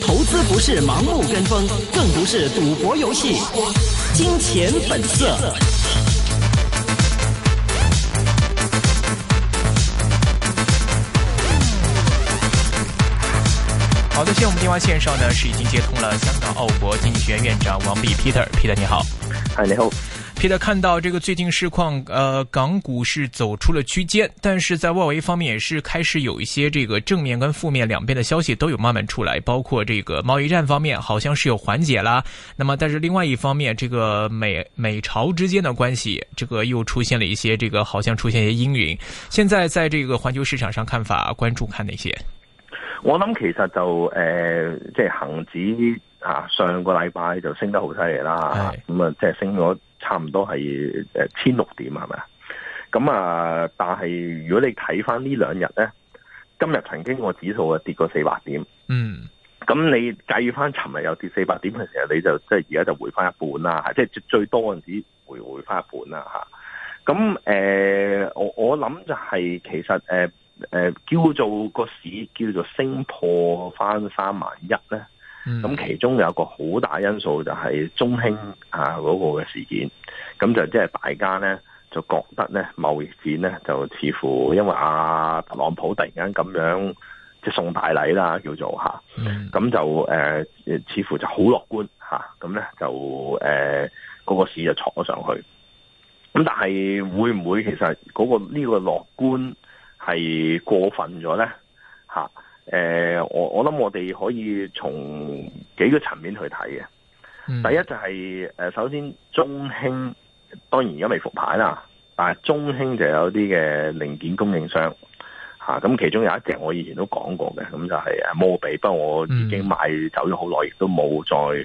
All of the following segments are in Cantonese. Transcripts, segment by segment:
投資不是盲目跟風，更不是賭博遊戲，金錢本色。好的，現在我們電話線上呢是已經接通了香港奧國經濟學院院長王弼 Peter，Peter 你好。嗨，Peter、Peter, 你好。Hi, Peter，看到這個最近市況，呃，港股是走出了區間，但是在外圍方面也是開始有一些這個正面跟負面兩邊的消息都有慢慢出來，包括這個貿易戰方面好像是有緩解啦。那麼，但是另外一方面，這個美美朝之間的關係，這個又出現了一些這個好像出現一些陰云。現在在這個環球市場上看法，關注看哪些？我諗其實就呃即係、就是、恒指啊，上個禮拜就升得好犀利啦，咁啊是，即係、嗯就是、升咗。差唔多係誒千六點係咪啊？咁啊，但係如果你睇翻呢兩日咧，今日曾經我指數啊跌過四百點，嗯，咁你計翻尋日又跌四百點嘅時候，你就即係而家就回翻一半啦，嚇！即係最多嗰陣時回回翻一半啦，嚇！咁誒，我我諗就係其實誒誒叫做個市叫做升破翻三萬一咧。咁、嗯、其中有一個好大因素就係中興嗰個嘅事件，咁、嗯、就即係、就是、大家咧就覺得咧貿易戰咧就似乎因為阿、啊、特朗普突然間咁樣即、就是、送大禮啦叫做吓。咁、啊嗯、就、呃、似乎就好樂觀咁咧、啊、就嗰、呃那個市就坐咗上去。咁但係會唔會其實嗰、那個呢、這個樂觀係過分咗咧？誒、呃，我我諗我哋可以從幾個層面去睇嘅。嗯、第一就係、是、誒、呃，首先中興，當然而家未復牌啦，但係中興就有啲嘅零件供應商吓，咁、啊、其中有一隻我以前都講過嘅，咁就係摩比，嗯、不過我已經買走咗好耐，亦都冇再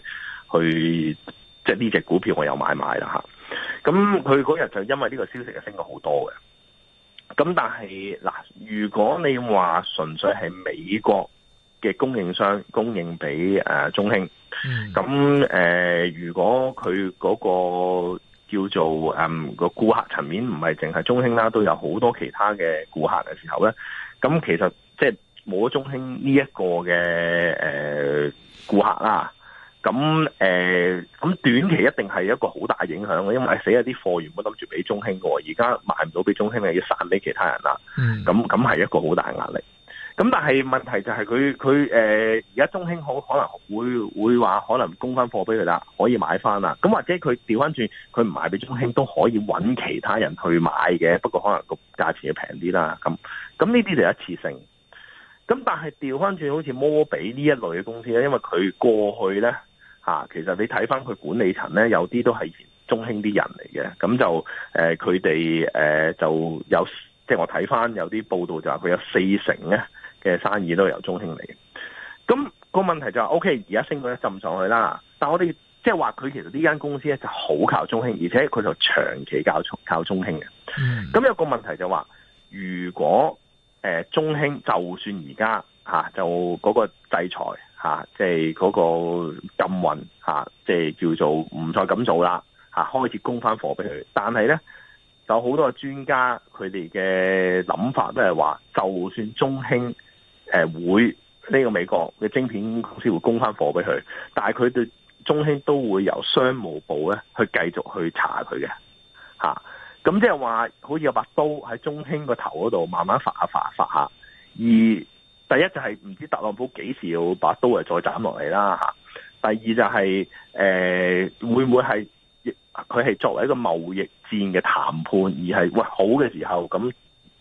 去即係呢隻股票我又買賣啦吓。咁佢嗰日就因為呢個消息就升咗好多嘅。咁但係嗱，如果你話純粹係美國嘅供應商供應俾誒中興，咁誒，如果佢嗰個叫做誒個顧客層面唔係淨係中興啦，都有好多其他嘅顧客嘅時候咧，咁其實即係冇咗中興呢一個嘅誒顧客啦。咁誒，咁、呃、短期一定係一個好大影響嘅，因為死啊啲貨原本諗住俾中興個，而家買唔到俾中興，咪要散俾其他人啦。嗯，咁咁係一個好大壓力。咁但係問題就係佢佢誒，而家、呃、中興好可能會會話可能供翻貨俾佢啦，可以買翻啦。咁或者佢調翻轉，佢唔賣俾中興都可以搵其他人去買嘅，不過可能個價錢要平啲啦。咁咁呢啲就一次性。咁但係調翻轉，好似摩比呢一類嘅公司咧，因為佢過去咧。啊，其實你睇翻佢管理層咧，有啲都係中興啲人嚟嘅，咁就誒佢哋誒就有，即係我睇翻有啲報道就話佢有四成咧嘅生意都由中興嚟嘅。咁個問題就係 OK，而家升到一浸上去啦，但係我哋即係話佢其實呢間公司咧就好靠中興，而且佢就長期靠靠中興嘅，咁有個問題就話、是、如果誒、呃、中興就算而家吓就嗰個制裁。嚇，即係嗰個禁運嚇，即係叫做唔再咁做啦嚇，開始供翻貨俾佢。但係咧，有好多專家佢哋嘅諗法都係話，就算中興會呢個美國嘅晶片公司會供翻貨俾佢，但係佢對中興都會由商務部咧去繼續去查佢嘅嚇。咁即係話，好似有把刀喺中興個頭嗰度慢慢發下發下發下，而。第一就係唔知特朗普幾時要把刀啊再斬落嚟啦嚇。第二就係、是、誒、呃、會唔會係佢係作為一個貿易戰嘅談判而係喂好嘅時候，咁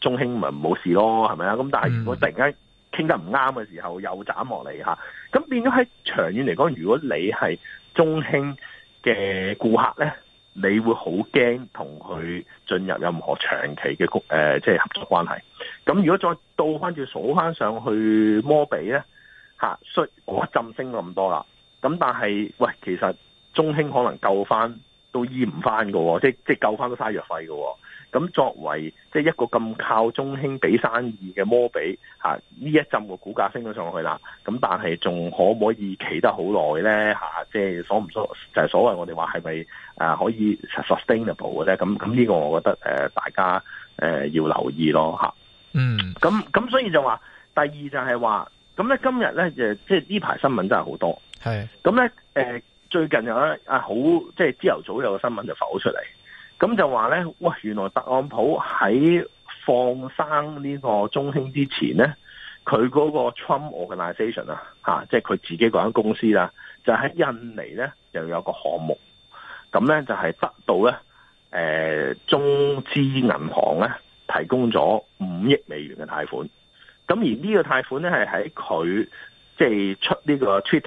中興咪冇事咯係咪啊？咁但係如果突然間傾得唔啱嘅時候又斬落嚟嚇，咁變咗喺長遠嚟講，如果你係中興嘅顧客咧，你會好驚同佢進入任何長期嘅局誒，即係合作關係。.咁如果再倒翻轉數翻上去摩比咧，雖嗰一浸升咁多啦，咁但係喂，其實中興可能救翻都醫唔翻嘅喎，即係即係救翻都嘥藥費嘅喎、哦。咁作為即係一個咁靠中興俾生意嘅摩比，呢一浸個股價升咗上去啦，咁但係仲可唔可以企得好耐咧，即係所唔所就係、是、所謂我哋話係咪可以 sustainable 嘅咧？咁咁呢個我覺得大家要留意咯。嗯，咁咁所以就話，第二就係話，咁咧今日咧即係呢、就是、排新聞真係好多，係是，咁咧誒最近、啊就是、有咧啊好即係朝頭早有個新聞就浮出嚟，咁就話咧，喂原來特朗普喺放生呢個中興之前咧，佢嗰個 Trump Organization 啊吓，即係佢自己嗰間公司啦，就喺印尼咧又有一個項目，咁咧就係、是、得到咧誒、呃、中資銀行咧。提供咗五億美元嘅貸款，咁而呢個貸款咧係喺佢即係出呢個 Twitter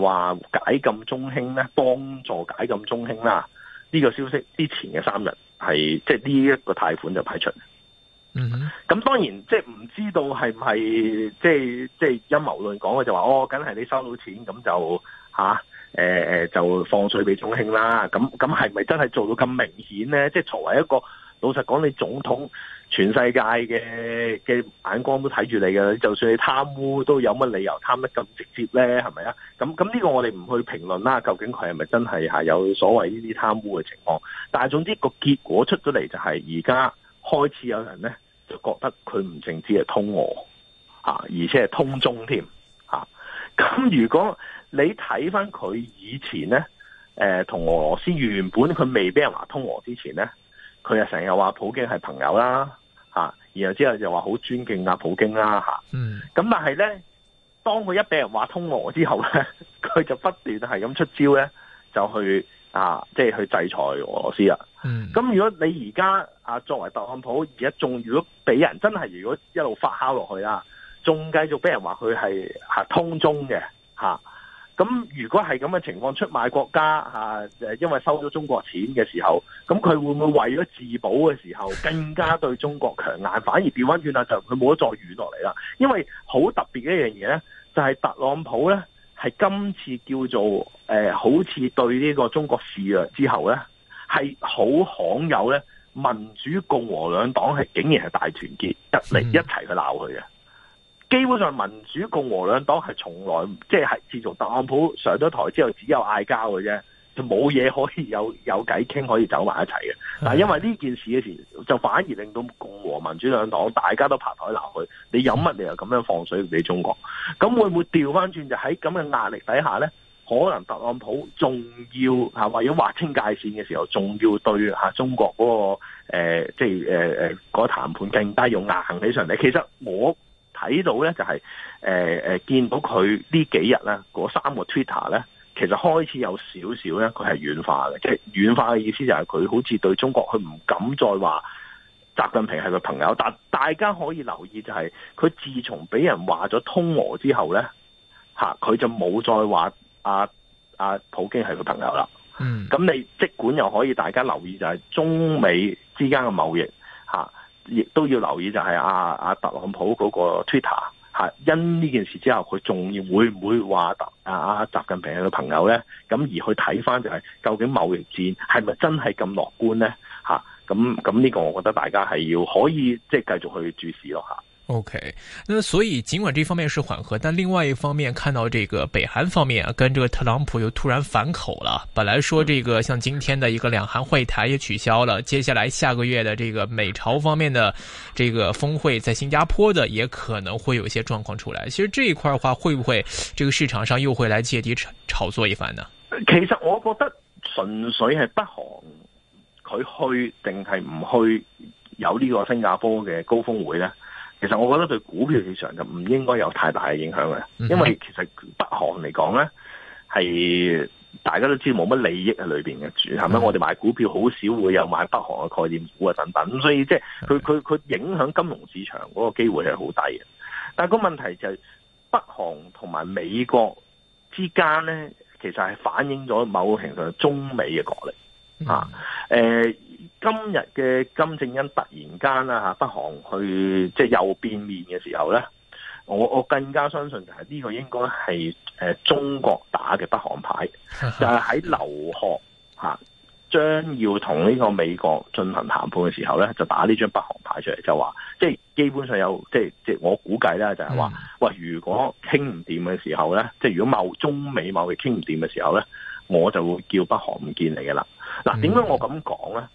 話、呃、解禁中興咧，幫助解禁中興啦。呢、呢個消息之前嘅三日係即係呢一個貸款就派出。嗯哼，咁當然即係唔知道係唔係即係即係陰謀論講嘅就話哦，梗係你收到錢咁就吓、啊呃、就放水俾中興啦。咁咁係咪真係做到咁明顯咧？即、就、係、是、作為一個。老實講，你總統全世界嘅嘅眼光都睇住你嘅，就算你貪污都有乜理由貪得咁直接咧？係咪啊？咁咁呢個我哋唔去評論啦。究竟佢係咪真係有所謂呢啲貪污嘅情況？但係總之個結果出咗嚟，就係而家開始有人咧就覺得佢唔淨止係通俄啊，而且係通中添啊。咁如果你睇翻佢以前咧，誒、呃、同俄羅斯原本佢未俾人話通俄之前咧，佢又成日話普京係朋友啦，嚇，然後之後就話好尊敬啊普京啦，嚇。嗯。咁但係咧，當佢一俾人話通俄之後咧，佢就不斷係咁出招咧，就去啊，即係去制裁俄羅斯啊。嗯。咁如果你而家啊，作為特朗普而家仲如果俾人真係如果一路發酵落去啦，仲繼續俾人話佢係嚇通中嘅嚇。啊咁如果係咁嘅情況出賣國家，啊、因為收咗中國錢嘅時候，咁佢會唔會為咗自保嘅時候更加對中國強硬，反而掉翻轉啦？就佢冇得再軟落嚟啦。因為好特別嘅一樣嘢咧，就係，是，特朗普咧，係今次叫做，呃、好似對呢個中國示弱之後咧，係好罕有咧，民主共和兩黨係竟然係大團結一嚟一齊去鬧佢嘅。嗯基本上民主共和兩黨係從來即係、就是、自從特朗普上咗台之後，只有嗌交嘅啫，就冇嘢可以有有偈傾，可以走埋一齊嘅。但係因為呢件事嘅時，就反而令到共和民主兩黨大家都拍台鬧去。你有乜理由就咁樣放水俾中國？咁會唔會調翻轉就喺咁嘅壓力底下咧？可能特朗普仲要吓，或者劃清界線嘅時候，仲要對吓中國嗰、嗰個誒、呃，即係誒誒，呃嗰個談判更加用硬起上嚟。其實我。睇到咧就係誒誒，見到佢呢幾日咧嗰三個 Twitter 咧，其實開始有少少咧，佢係軟化嘅。即係軟化嘅意思就係佢好似對中國，佢唔敢再話習近平係個朋友。但大家可以留意就係，佢自從俾人話咗通俄之後咧，嚇佢就冇再話阿阿普京係個朋友啦。嗯，咁你即管又可以大家留意就係中美之間嘅貿易嚇。啊亦都要留意就係阿阿特朗普嗰個 Twitter 嚇、啊，因呢件事之後佢仲會唔會話特阿阿習近平嘅朋友咧？咁、啊、而去睇返就係、是、究竟貿易戰係咪真係咁樂觀咧？嚇、啊，咁咁呢個我覺得大家係要可以即係、就是、繼續去注視咯嚇。啊 OK，那所以儘管這方面是緩和，但另外一方面看到這個北韓方面啊，跟這個特朗普又突然反口了。本來說這個像今天的一個兩韓會談也取消了，接下來下個月的這個美朝方面的這個峰會在新加坡的也可能會有一些狀況出來。其實這一塊的話，會不會這個市場上又會來借題炒炒作一番呢？其實我覺得純粹係北韓，佢去定係唔去，有呢個新加坡嘅高峰會咧。其實我覺得對股票市場就唔應該有太大嘅影響嘅，因為其實北韓嚟講咧，係大家都知冇乜利益喺裏邊嘅，係咪？嗯、我哋買股票好少會有買北韓嘅概念股啊等等，所以即係佢佢佢影響金融市場嗰個機會係好低嘅。但係個問題就係、是、北韓同埋美國之間咧，其實係反映咗某程度中美嘅角力、嗯、啊、誒、呃。今日嘅金正恩突然間啦、啊、北韓去即係又變面嘅時候咧，我我更加相信就係呢個應該係、呃、中國打嘅北韓牌，就係喺劉鶴將要同呢個美國進行談判嘅時候咧，就打呢張北韓牌出嚟，就話即係基本上有即係即係我估計咧就係話，喂、嗯呃、如果傾唔掂嘅時候咧，即係如果某中美貿易傾唔掂嘅時候咧，我就會叫北韓唔見你嘅啦。嗱點解我咁講咧？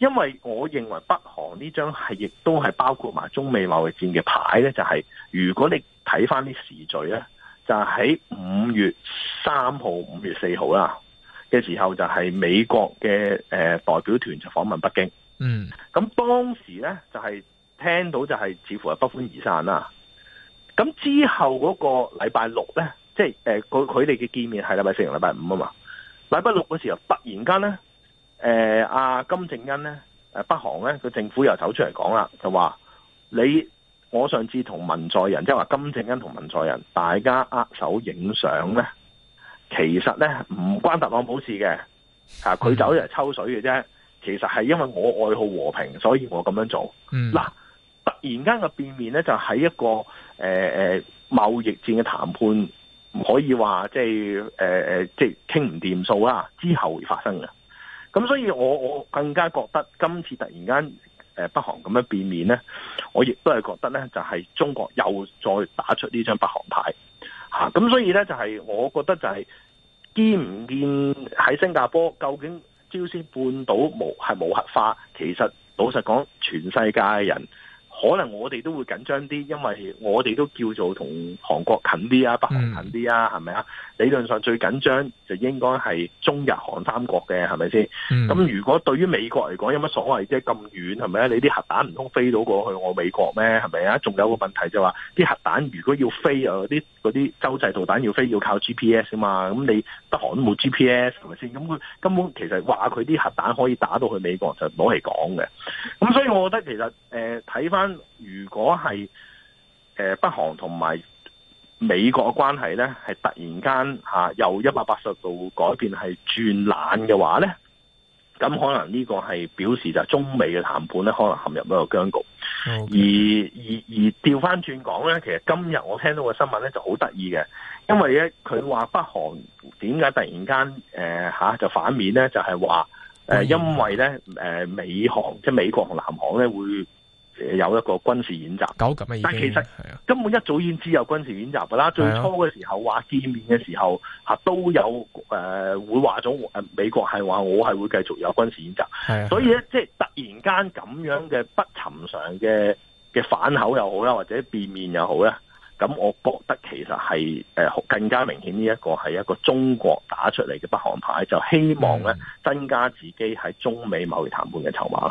因為我認為北韓呢張係亦都係包括埋中美貿易戰嘅牌咧，就係如果你睇翻啲時序咧，就喺五月三號、五月四號啦嘅時候，就係美國嘅誒代表團就訪問北京。嗯，咁當時咧就係聽到就係似乎係不歡而散啦。咁之後嗰個禮拜六咧，即係誒佢佢哋嘅見面係禮拜四同禮拜五啊嘛，禮拜六嘅時候突然間咧。誒阿、呃、金正恩咧，北韓咧，個政府又走出嚟講啦，就話你我上次同文在寅，即係話金正恩同文在寅，大家握手影相咧，其實咧唔關特朗普事嘅，佢走嚟抽水嘅啫。其實係因為我愛好和平，所以我咁樣做。嗱、嗯，突然間嘅變面咧，就喺一個誒、呃、貿易戰嘅談判，唔可以話即係誒、呃、即係傾唔掂數啦。之後會發生嘅。咁所以我，我我更加覺得今次突然間誒北韓咁樣變面咧，我亦都係覺得咧，就係、是、中國又再打出呢張北韓牌嚇。咁、啊、所以咧，就係、是、我覺得就係、是、見唔見喺新加坡，究竟朝鮮半島無係無核化，其實老實講，全世界嘅人。可能我哋都會緊張啲，因為我哋都叫做同韓國近啲啊，北韓近啲啊，係咪、嗯、啊？理論上最緊張就應該係中日韓三國嘅，係咪先？咁、嗯、如果對於美國嚟講有乜所謂啫？咁遠係咪啊？你啲核彈唔通飛到過去我美國咩？係咪啊？仲有個問題就話啲核彈如果要飛啊，啲嗰啲洲際導彈要飛要靠 GPS 啊嘛，咁你北韓都冇 GPS 係咪先？咁佢根本其實話佢啲核彈可以打到去美國就冇係講嘅。咁所以我覺得其實睇返。呃如果係誒北韓同埋美國嘅關係咧，係突然間吓又一百八十度改變是轉的話，係轉冷嘅話咧，咁可能呢個係表示就中美嘅談判咧，可能陷入一個僵局。Okay. 而而而調翻轉講咧，其實今日我聽到個新聞咧就好得意嘅，因為咧佢話北韓點解突然間誒吓就反面咧，就係話誒因為咧誒、呃、美韓即係美國同南韓咧會有一個軍事演習，但其實根本一早已知有軍事演習噶啦。最初嘅時候話見面嘅時候嚇，都有誒、呃、會話咗誒美國係話我係會繼續有軍事演習，是的 所以咧是的 即係突然間咁樣嘅不尋常嘅嘅反口又好啦，或者變面又好咧，咁我覺得其實係誒、呃、更加明顯呢一個係一個中國打出嚟嘅北韓牌，就希望咧增加自己喺中美貿易談判嘅籌碼。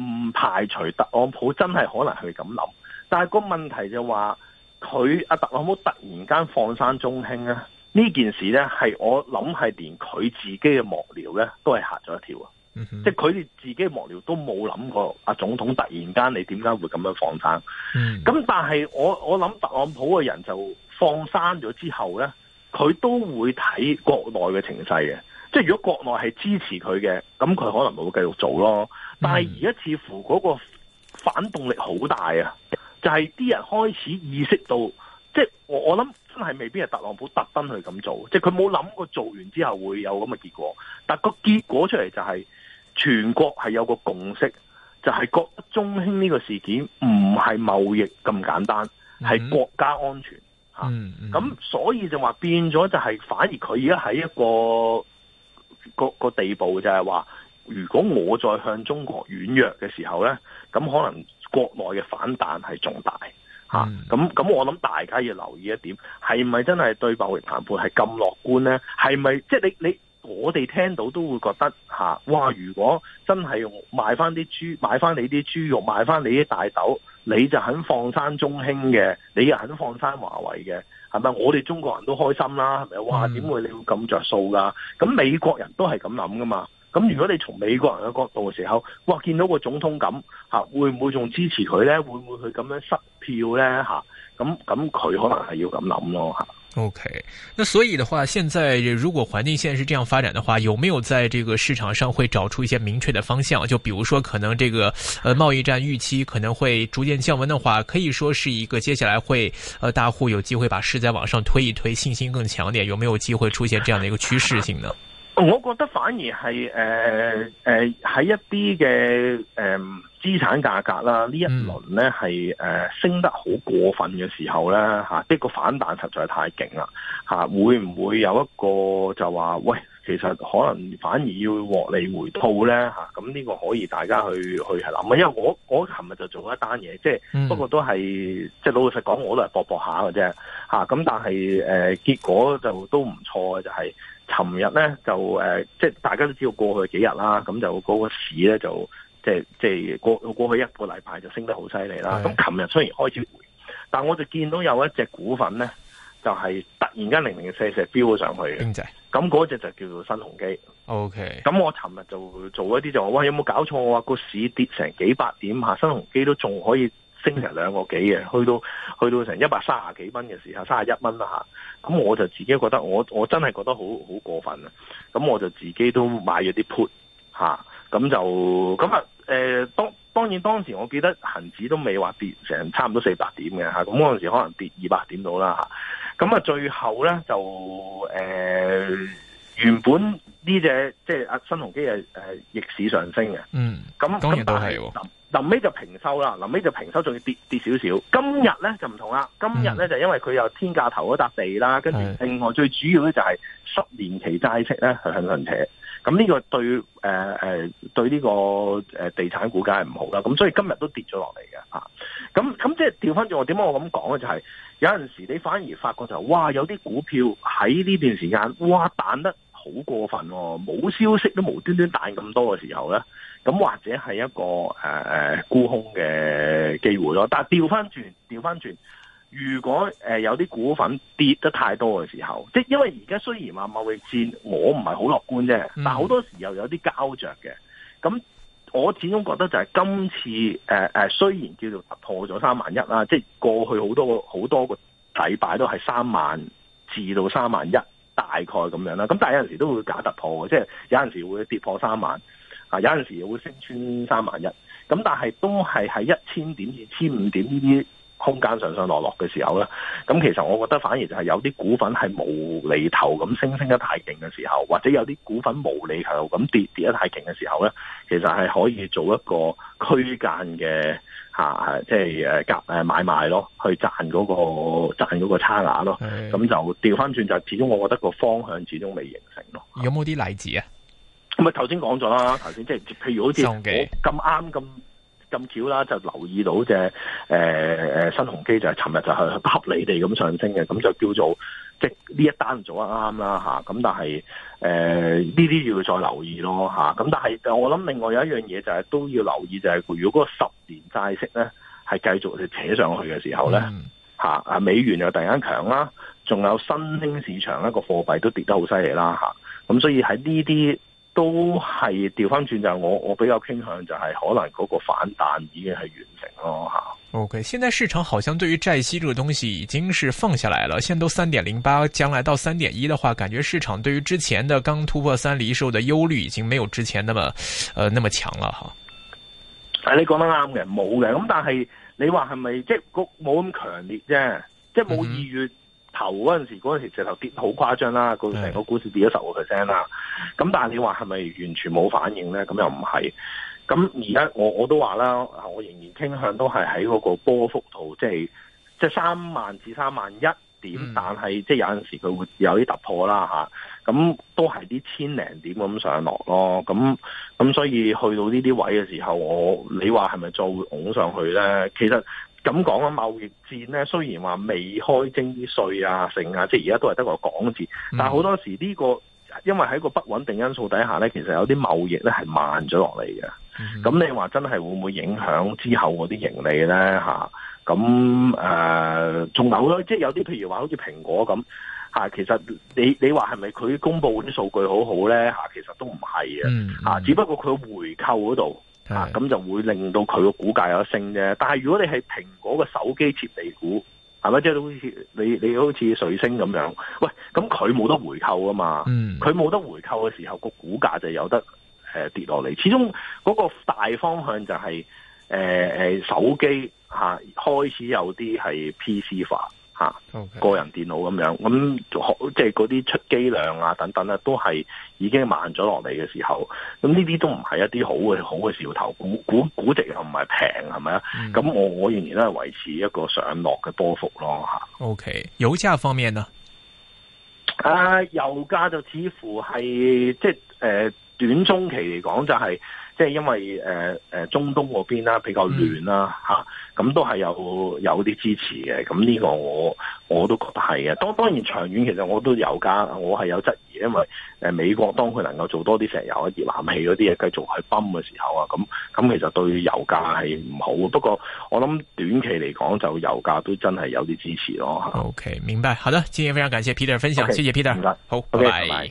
唔排除特朗普真係可能係咁諗，但係個問題就話佢阿特朗普突然間放生中興咧，呢件事咧係我諗係連佢自己嘅幕僚咧都係吓咗一跳啊！即係佢哋自己嘅幕僚都冇諗、mm hmm. 過阿總統突然間你點解會咁樣放生？咁、mm hmm. 但係我我諗特朗普嘅人就放生咗之後咧，佢都會睇國內嘅情勢嘅，即係如果國內係支持佢嘅，咁佢可能就會繼續做咯。嗯、但係而家似乎嗰個反動力好大啊！就係、是、啲人開始意識到，即係我我諗真係未必係特朗普特登去咁做，即係佢冇諗過做完之後會有咁嘅結果。但個結果出嚟就係、是、全國係有個共識，就係覺得中興呢個事件唔係貿易咁簡單，係國家安全吓。咁所以就話變咗就係、是、反而佢而家喺一個個個地步就係話。如果我再向中國軟弱嘅時候呢，咁可能國內嘅反彈係重大嚇，咁咁、嗯啊、我諗大家要留意一點，係咪真係對貿易談判係咁樂觀呢？係咪即係你你我哋聽到都會覺得嚇、啊、哇？如果真係買翻啲豬，買翻你啲豬肉，買翻你啲大豆，你就肯放生中興嘅，你又肯放生華為嘅，係咪我哋中國人都開心啦？係咪哇？點會你會咁着數噶？咁美國人都係咁諗噶嘛？咁如果你從美國人嘅角度嘅時候，哇見到個總統咁嚇，會唔會仲支持佢咧？會唔會佢咁樣失票咧咁咁佢可能係要咁諗咯 OK，那所以的話，現在如果環境現在是這樣發展的話，有沒有在這個市場上會找出一些明確的方向？就比如說，可能這個呃貿易戰預期可能會逐漸降温的話，可以說是一個接下來會呃大戶有機會把市再往上推一推，信心更強點有沒有機會出現這樣的一個趨勢性呢？我覺得反而係誒誒喺一啲嘅誒資產價格啦呢一輪咧係誒升得好過分嘅時候咧吓，即係個反彈實在太勁啦吓，會唔會有一個就話喂，其實可能反而要獲利回吐咧吓？咁、啊、呢個可以大家去去諗。因為我我琴日就做咗一單嘢，即、就、係、是嗯、不過都係即係老實講，我都係搏搏下嘅啫吓。咁、啊、但係誒、呃、結果就都唔錯嘅，就係、是。琴日咧就誒，即係、呃、大家都知道過去幾日啦，咁就嗰個市咧就即係即係過過去一個禮拜就升得好犀利啦。咁琴日雖然開始回，但我就見到有一隻股份咧，就係突然間零零四四飆咗上去嘅。咁隻，嗰隻就叫做新鴻基。O K。咁我尋日就做一啲就話，哇！有冇搞錯啊？個市跌成幾百點嚇，新鴻基都仲可以。升成兩個幾嘅，去到去到成一百三十幾蚊嘅時候，三十一蚊啦嚇，咁、啊、我就自己覺得我我真係覺得好好過分啊，咁我就自己都買咗啲 put 嚇、啊，咁就咁啊誒，當當然當時我記得恒指都未話跌成差唔多四百點嘅嚇，咁嗰陣時可能跌二百點到啦嚇，咁啊最後咧就誒、呃、原本。呢隻即係阿新鴻基係誒逆市上升嘅，嗯，咁當然但係臨尾就平收啦，臨尾就平收，仲要跌跌少少。今日咧就唔同啦，今日咧、嗯、就因為佢又天價投嗰笪地啦，跟住另外最主要咧就係十年期債息咧係向上扯，咁呢個對誒誒、呃呃、對呢個誒地產股價係唔好啦，咁所以今日都跌咗落嚟嘅嚇。咁、啊、咁即係調翻轉，點解我咁講咧？就係、是、有陣時你反而發覺就哇有啲股票喺呢段時間哇彈得。好過分喎、哦！冇消息都無端端彈咁多嘅時候呢，咁或者係一個誒誒、呃、沽空嘅機會咯。但係調翻轉，調翻轉，如果、呃、有啲股份跌得太多嘅時候，即係因為而家雖然話貿易戰我，我唔係好樂觀啫。但好多時候有啲膠着嘅，咁我始終覺得就係今次誒誒、呃，雖然叫做突破咗三萬一啦，即係過去好多個好多個禮拜都係三萬至到三萬一。大概咁樣啦，咁但係有陣時都會假突破嘅，即係有陣時會跌破三萬，啊有陣時會升穿三萬一，咁但係都係喺一千點、二千五點呢啲空間上上落落嘅時候咧。咁其實我覺得反而就係有啲股份係無厘頭咁升升得太勁嘅時候，或者有啲股份無厘頭咁跌跌得太勁嘅時候咧，其實係可以做一個區間嘅。嚇係、啊，即係誒買賣咯，去賺嗰、那個賺嗰個差額咯，咁的就調翻轉就，始終我覺得個方向始終未形成咯。有冇啲例子啊？咁啊頭先講咗啦，頭先即係譬如好似機我咁啱咁咁巧啦，就留意到隻誒、呃、新鴻基就係尋日就係不合理地咁上升嘅，咁就叫做。呢一單做得啱啦，咁但係誒，呢、呃、啲要再留意咯，咁但係我諗另外有一樣嘢就係、是、都要留意、就是，就係如果嗰個十年債息咧係繼續扯上去嘅時候咧，嗯、啊美元又突然間強啦，仲有新興市場呢個貨幣都跌得好犀利啦，咁、啊、所以喺呢啲都係掉返轉，就係我我比較傾向就係可能嗰個反彈已經係完成咯，啊 O、okay, K，現在市場好像對於債息這個東西已經是放下來了，現在都三點零八，將來到三點一的話，感覺市場對於之前的剛突破三厘的憂慮已經沒有之前那麼，呃，那麼強了哈。啊，的你講得啱嘅，冇嘅，咁但係你話係咪即係冇咁強烈啫？即係冇二月頭嗰陣時嗰陣、嗯、哼時直頭跌好誇張啦，個成對個股市跌咗十個 percent 啦。咁但係你話係咪完全冇反應呢？咁又唔係。咁而家我我都話啦，我仍然傾向都係喺嗰個波幅圖，即係即係三萬至三萬一點，嗯、但係即係有陣時佢會有啲突破啦咁、啊嗯、都係啲千零點咁上落咯。咁咁所以去到呢啲位嘅時候，我你話係咪再會拱上去咧？其實咁講啊，貿易戰咧，雖然話未開徵啲稅啊、成啊，即係而家都係得個講字，嗯、但好多時呢、呢個因為喺個不穩定因素底下咧，其實有啲貿易咧係慢咗落嚟嘅。咁、嗯、你話真係會唔會影響之後嗰啲盈利咧吓？咁、啊、誒，仲、呃、有咧，即係有啲譬如話好似蘋果咁吓、啊，其實你你話係咪佢公布啲數據好好咧吓？其實都唔係嘅吓，只不過佢回購嗰度吓，咁的、啊、就會令到佢個股價有升啫。但係如果你係蘋果嘅手機設備股，係咪即係好似你你好似水星咁樣？喂，咁佢冇得回購啊嘛，佢冇、嗯、得回購嘅時候，個股價就有得。誒，跌落嚟，始終嗰個大方向就係誒誒，手機吓、啊、開始有啲係 PC 化吓，啊、Okay. 個人電腦咁樣，咁即係嗰啲出機量啊等等啊都係已經慢咗落嚟嘅時候，咁呢啲都唔係一啲好嘅好嘅兆頭，估估值，又唔係平係咪啊？咁、mm. 我我仍然都係維持一個上落嘅波幅咯吓。啊、OK，油價方面呢？誒、啊，油價就似乎係即係誒。呃短中期嚟講就係，即係因為誒誒中東嗰邊啦比較亂啦吓，咁、嗯啊、都係有有啲支持嘅。咁、這、呢個我我都覺得係嘅。當當然長遠其實我都油價我係有質疑，因為誒美國當佢能夠做多啲石油啊、天然氣嗰啲嘢繼續去泵嘅時候啊，咁、嗯、咁、嗯、其實對油價係唔好。不過我諗短期嚟講就油價都真係有啲支持咯。OK 明白，好啦，今天非常感謝 Peter 分享，okay, 謝謝 Peter。謝謝好，拜拜。